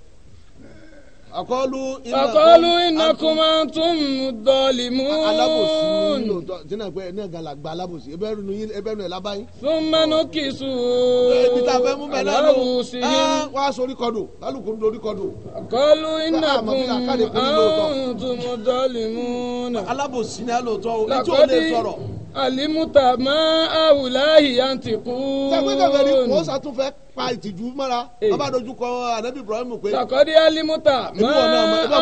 àkọlù ìnàkùnmá tún dọ̀lì mú. alábòsí ní lóòótọ́ sínú ẹgbẹ́ ní ẹ̀gàlà gba alábòsí ẹbẹ́ nu yín ẹbẹ́ nu ẹ̀ lábáyé. fún mẹ́nu kìsù. ẹbí tá a fẹ́ mú mẹ́nu lò ẹ wá sórí kọdù lálùkù ń dorí kọdù. àkọlù ìnàkùnmá tún dọ̀lì mú. alábòsí ní o ètò ò lè sọ̀rọ̀ alimuta ma awulahi yanti kun. sẹ́gbẹ́sẹ̀ fẹ́ẹ́ ni kò sàtúnfẹ́ pa ìtìjú mọ́ra eh. wọ́n bá dojú kọ anabi ibrahim pé. sàkọ́dí alimuta ma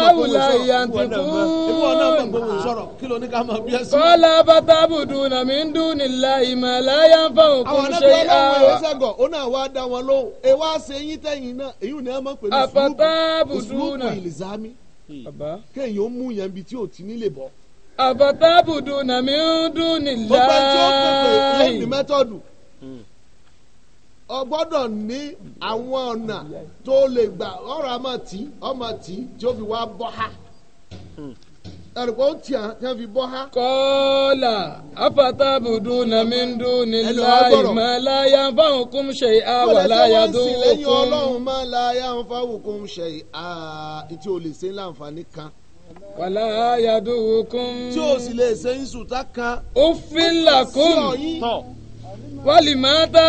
awulahi yanti kun. ibi wọn náà mọ̀ gbogbo sọ̀rọ̀ kí ló ní ká máa bí ẹsẹ̀. kọ́lá bàtà budu nami ń dún nílá ìmọ̀ láyà ń fáwọn kún ṣe é àwà. àwọn ẹgbẹ́ sẹ́gọ̀ ó náà wá dá wọn lóhùn ẹ wá ṣe yín tẹ̀yìn náà èyí ò a máa pè ní sùúrù kéèyàn ó mú yẹn bí tí ò ti ní àfọ̀tábùdù nàmí ń dún nílá. gbogbo ẹni tí ó pèpè lónìí mẹ́tọ́dù ọ gbọ́dọ̀ ní àwọn ọ̀nà tó lè gbà ọ̀rọ̀ àmọ́ tí ọmọ tí tí ó fi wá bọ́ ha ẹ̀rùpọ̀ ó tiẹ̀ tí wọ́n fi bọ́ ha. kọ́ọ̀là afatabudu nàmíndú nílá ìmọ̀ láyà fáwọn kún ṣe à wà láyà tó kún. kọ́lẹ̀ wọ́n ń lẹ́yìn ọlọ́run máa láyà fáwọn kún ṣe à tí o lè ṣe láǹfààní kan wàlá yàdúwò kún. tí o sì lè ṣe ń sùtá kan. ó fi ń là kún. wálì máa tá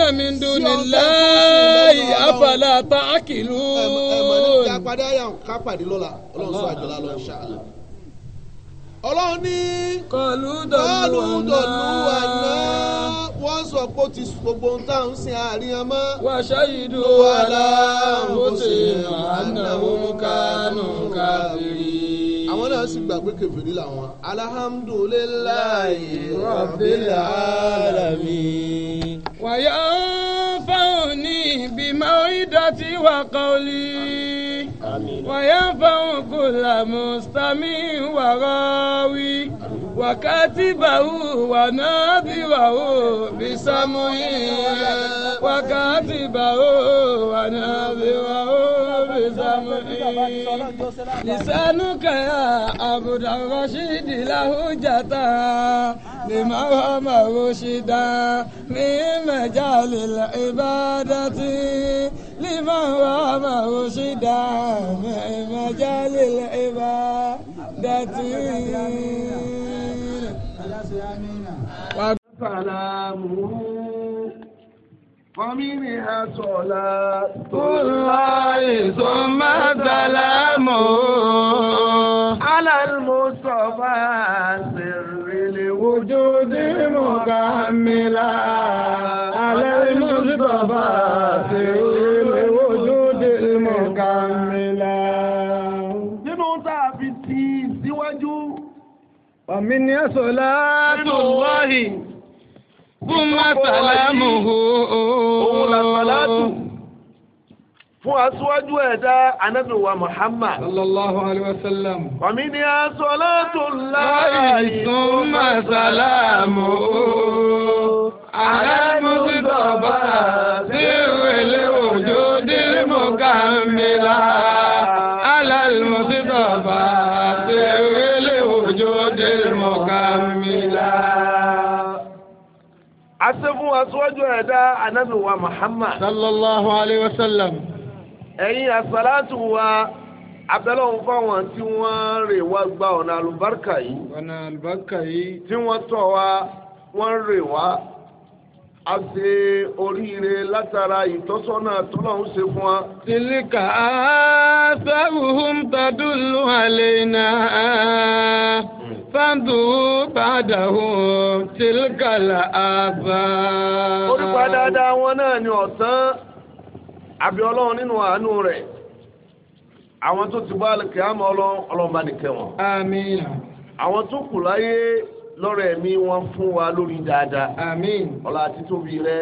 náà mi dùn láàyè àfàlà tá a kìlú. ẹ ẹ mọ̀ ní ká padà yà ká pàdé lọ́la ọlọ́run sọ àjọlá lọ́ọ́ ṣáà ọlọ́run ní kọlu dọ̀lú àná wọ́n sọ pé ó ti gbogbo ohun tá à ń sin àárín ọmọ. wà á ṣàyídú aláàbò ṣe àná òun kánú káfírí àwọn náà sì gbà pé kèfèrí làwọn alhamdulillahi rabbil alamin. wàyà fáwọnì bímọ ìdọ̀tí wà kọ́lí wàyà fáwọn kò làmú sami wàrọ̀wí wàkàtí bàwù wànábì wàwù bísàmù yìí wàkàtí bàwù wànábì wàwù. سمعي لسانك يا عبد الرشيد له جتا لما هو مرشدا في مجال العبادة لما هو مرشدا في مجال العبادة وسلامه فمنها صلاة الله ثم سلام على المصطفى سر الوجود مكملا على المصطفى سر الوجود مكملا nínú tá a fi ti síwájú. فمنها صلاة الله. Fúnma sàlámùhù. Òun la sàlátù fún aṣíwájú ẹ̀dá anábì wa Muhammad. Sallallahu alayhi wa sallam. Wàmí ni a sọ látò láàyè. Fúnma sàlámùhù. Aláìmọ́sí dọ̀bà sí ìwélé òjò dìrímù kàmílà. asefun aṣíwájú ẹ̀dá anabi wa muhammad. sallallahu alayhi wa sallam. ẹ̀yin asalaatu wa abẹ́lẹ́wọ̀n fáwọn tí wọn rè wá gba ọ̀nà àlùbáríkà yìí. ọ̀nà àlùbáríkà yìí. tí wọn tọ̀ wá wọ́n rè wá a ṣe oríire látara ìtọ́sọ́nà tọ́lọ́hún ṣe fún wa. tìlíkà á sáwùhùn tàdúlù àlè náà. fàǹdùú bàdàhùn tìlkàlà àbá. orúkọ dáadáa wọn náà ni ọ̀sán àbí ọlọ́run nínú àánú rẹ̀ àwọn tó ti bá kíámà ọlọ́run bá nìkẹ́ wọn. àwọn tó kù láyé lọ́rọ̀ ẹ̀mí wọn fún wa lórí dáadáa. àti tóbi rẹ.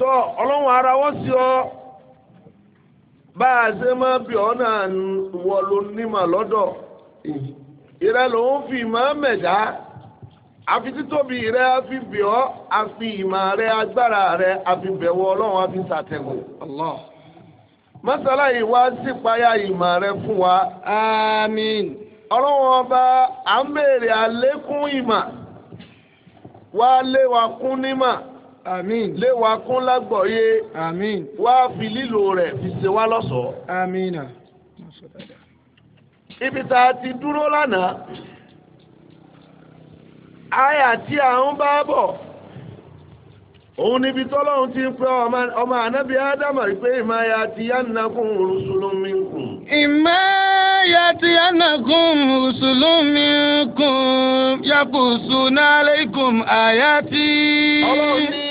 tọ́ ọlọ́run ara ọ bá a ṣe máa bí ọ náà wọ lọ́dọ̀. ìrẹ lòun fi ìmọ̀ mẹ̀dá àfi títóbi rẹ àfi bìọ́ àfi ìmọ̀ rẹ agbára rẹ àfi bẹ̀wọ̀ ọlọ́run àfi sàtẹ̀gùn. Allah mọ́sálà yìí wá sípayá ìmọ̀ rẹ fún wa. Àmín. ọlọ́run ọba à ń béèrè àlékún ìmọ̀ wá lé wa kún nímọ̀ àmín. lé wa kún lágbọ̀ọ́yé. àmín. wá fi lílo rẹ̀ fi ṣe wá lọ́ṣọ̀ọ́. àmín ibi tá a ti dúró lánàá àyà tí à bá bọ̀ òun níbi tọ́lọ́run ti ń pẹ́ ọmọ ànábì ádámà pé ìmọ̀ ya ti yánnakùn rusulun minkum. ìmọ̀ ya ti yánnakùn rusulun minkum yaqusuna alaykum ayati. ọlọ́run ní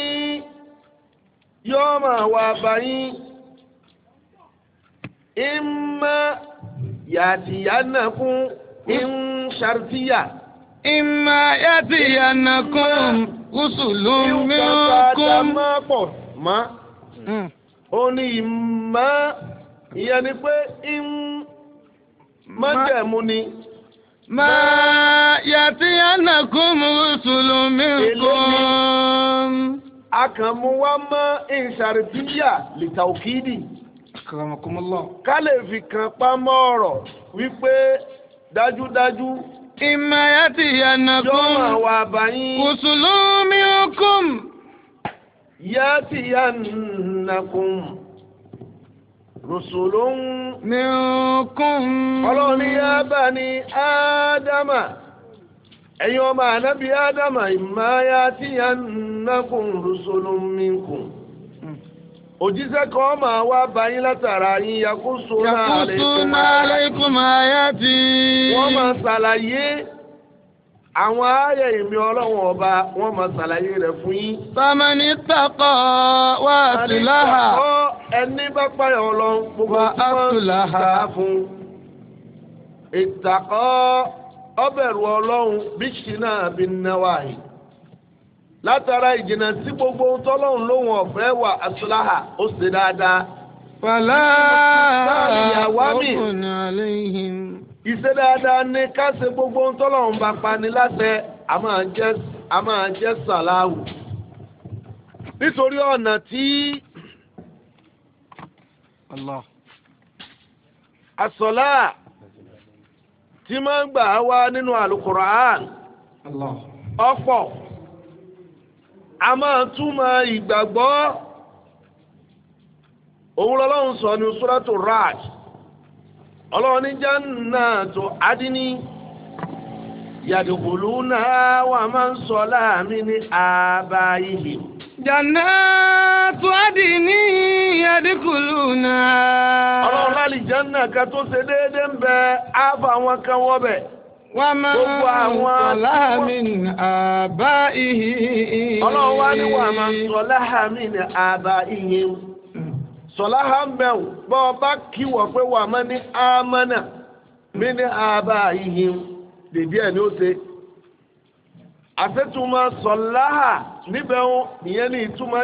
yóò wà báyìí ìmọ̀. yàtìyànàkún ìmṣàrtíyà. ìmọ̀ yàtìyànàkún kùsùlù mìíràn mọ́. ó ní ìyẹn ni pé ìmọ̀jẹ̀mú ni. Ma yàtìyànàkún kùsùlù mìíràn. Akànmú wa mọ́ akramakumullah. ká lè fi kan pamọ́ ọ̀rọ̀ wípé dájúdájú ìmáyàtì yanakum kùsùlùmí okùn. yàtì yanakum rusulun minkum. ọlọ́run yá bá ní ádámà ẹ̀yin ọmọ ànábì ádámà ìmáyàtì yanakum rusulun minkum. òjíṣẹ́ kan máa wá bá yín látara yín yakusu aleikum ayati. wọ́n máa ṣàlàyé àwọn ààyè ìmí ọlọ́wọ̀n ọba wọ́n máa ṣàlàyé rẹ̀ fún yín. famani takọ wa asilaha. ẹni bá gbogbo fún. bíṣì náà bí látara ìjìnà sí gbogbo tọ́lọ́hún lóhùn ọ̀fẹ́ wà asúláhà ó ṣe dáadáa. fàlà ọkùnrin àlẹ́yìn. ìṣe dáadáa ni ká ṣe gbogbo tọ́lọ́hún bá pani láṣẹ a máa jẹ́ sàláwù. nítorí ọ̀nà tí asọ́lá tí máa ń gbà wá nínú àlùkùránì ọ̀pọ̀. a máa túmọ̀ ìgbàgbọ́ òun lọ́lọ́run sọ ní suratu raj ọlọ́run ní jannatu adini yadkhuluna wa man sala min abaihim. jannatu adini yadkhuluna. ọlọ́run lálẹ́ jẹ́nà kan tó ṣe déédéé ń bẹ á fà kan wọ́ bẹ̀. gbogbo àwọn àbá ọlọ́run wá ní wà máa sọ àbá ìhì. sọláhà ń bẹ̀rù ọ bá kíwọ̀ pé wà ní àmọ́nà mí ní àbá ìhì. dèbí ẹ̀ ni ó ṣe. àṣetúmọ̀ sọláhà níbẹ̀ ń ìyẹn ní ìtumọ̀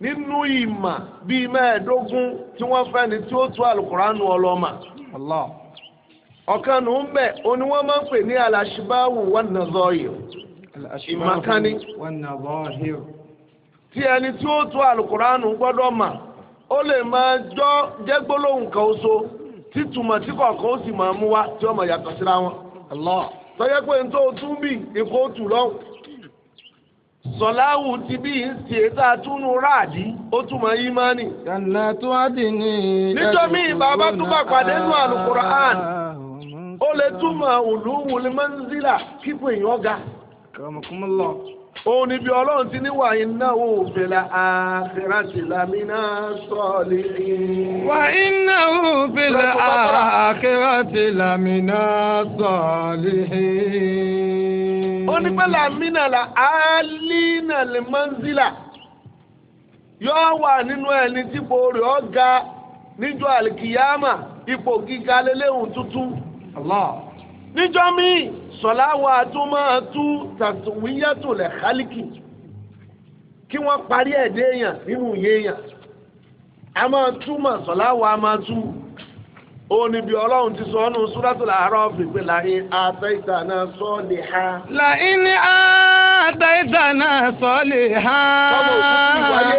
nínú ìmà bíi mẹ́ẹ̀ẹ́dógún tí wọ́n fẹ́ ni tí ó tú àlùkùránù ọlọ́mà. ọ̀kan nù ń oní wọ́n máa ń pè ní aláṣibáwù wan nazair ìmàkánni tí ẹni tí ó tú àlùkùránù gbọ́dọ̀ mà ó lè máa jọ jẹ́ gbólóhùn kan oṣo títúmọ̀ tí kọ̀ọ̀kan ó sì máa mú wá tí ó máa yàtọ̀ síra wọn. tọ́jẹ́ pé ní tó tún bì ní kó tù sọláwù ti bí ń ṣe tá a tún nu ráàdì ó túmọ̀ ìmánì. kànà tó á dì ní. nítorí bàbá tún bá pàdé nù àlùkùránì ó lè túmọ̀ òlùwù lè máa ń zílà kíkù èèyàn ga. kàmùkùmùlọ. ó ní bí ọlọ́run ti ní wà iná wò bẹ̀là àkìrátì lámínà sọ̀lì. wà iná wò bẹ̀là àkìrátì lámínà sọ̀lì wọ́n ní pẹ́lá mínàlá alínàlè mọ́nzílà yóò wà nínú ẹni tí ipò rẹ̀ ó ga níjọ́ àlìkìyàmà ipò gíga lélẹ́hùn tuntun. níjọ́ míì sọ̀lá wa tó máa tú tàtúwíyàtò lẹ̀ kálíkì kí wọ́n parí ẹ̀dẹ́ èèyàn nínú ìyẹn èèyàn a máa túmọ̀ sọ̀lá máa tú oníbi ọlọ́run ti sọ ọ́nù suratul A'raf pé la'in ataitana soliha. la'in ataitana soliha. tọ́mọ̀ òkú ti wáyé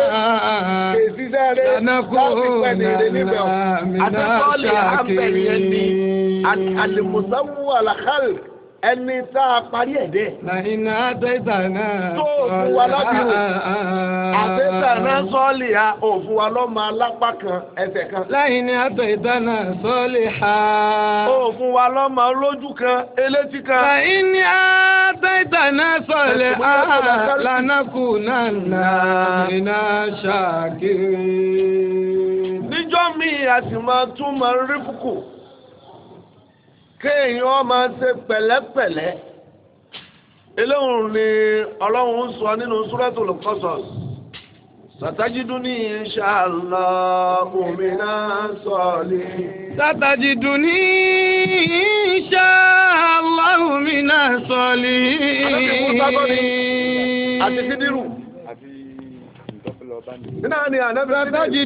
èsì sáré láti pẹ̀lú èrè níbẹ̀ ọ̀. àtẹ́sọ́ọ̀lì àbẹ̀yẹ ni àlùmùsàmù àlàkàlì. ẹni tá a parí ẹ̀ dẹ́. nàìjíríà àtẹ̀sà náà tó òfin wa náà sọ́ọ̀lì ha òfin wa lọ́mọ kan ẹsẹ̀ kan. láìní náà sọ́ọ̀lì ha. òfin wa lójú kan elétí kan. láìní àtẹ̀sà náà sọ́ọ̀lì ha lànàkù náà nàìjíríà ṣàkiri. níjọ́ mi àti máa tún máa rí kéèyàn máa ṣe pẹ̀lẹ́pẹ̀lẹ́ eléhùn ni ọlọ́run ń sọ nínú Suratul Qasas satajiduni insha'Allahu minas salihin. satajiduni insha'Allahu minas salihin. àti kúta tó ní àti kídírù. àti ìdọ́kùlọ̀ bá ní. nínú àná àná bí wọ́n ti dé.